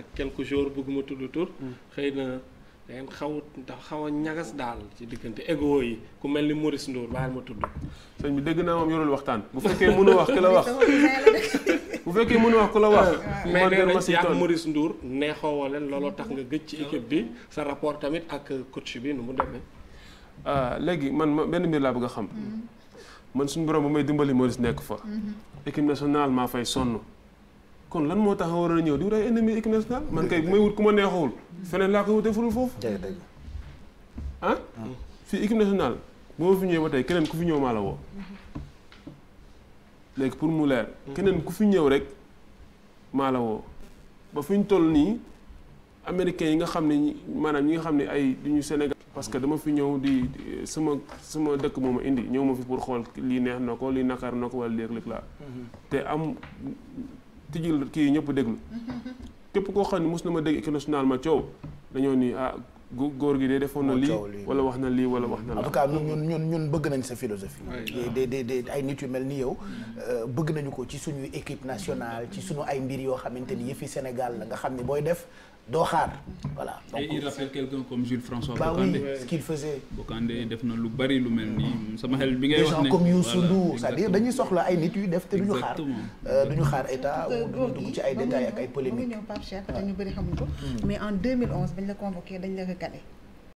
ak quelques jours ma tudd tur hmm. xëy na dangeen xaw dafa xaw a ñagas daal ci diggante ego yi ku mel ni Maurice Ndour baal ma tudd sëñ bi dégg naa moom yorul waxtaan bu fekkee mënu wax la wax bu fekkee mënu wax ku la wax ah. mais nee nañ yàgg Maurice Ndour neexoo woo looloo tax nga gëj ci équipe bi sa rapport tamit ak coach bi nu mu demee ah, léegi man ma benn mbir laa bëgg a xam hmm. man suñu borom bu may dimbali Maurice nekk fa hmm. équipe nationale maa fay sonn kon lan moo tax nga waroon a ñëw di wut ay ennemi équipe nationale man kay bu may wut ku ma neexul feneen laa koy wutee furul foofu ah fii équipe nationale boo fi ñëwee ba tey keneen ku fi ñëw maa woo léegi pour mu leer keneen ku fi ñëw rek maa la ba fi ñu toll nii américains yi nga xam ne maanaam ñi nga xam ne ay du ñu Sénégal parce que dama fi ñëw di sama sama dëkk moom a indi ñëw ma fi pour xool lii neex na ko lii nakaar na ko wala léeg-léeg laa mhm. te am tijjil kii ñëpp déglu képp koo xam ne mos na ma dégg équipe nationale ma coow dañoo ni ah góor gi de defoon na lii wala wax na lii wala wax na lii. en tout cas ñun ñun ñun bëgg nañ sa philosophie. de de de ay nit yu mel ni yow. Euh, bëgg nañu ko ci suñu équipe nationale ci suñu ay mbir yoo xamante ni yëfi Sénégal la nga xam ne booy def. doo xaar voilà. donc et il rappelle comme Jules François Bocandé. bah oui def na lu bari lu mel nii sama xel bi ngay wax ne. comme Youssou Ndour cest dire dañuy soxla ay nit yu def te duñu xaar. Euh, duñu xaar état duñu dugg ci ay détails ak ay polémiques. ba muy ñëw Pape Cheikh te ñu bari xamuñu ko. Hmm. bañ la convoqué dañ la recalé.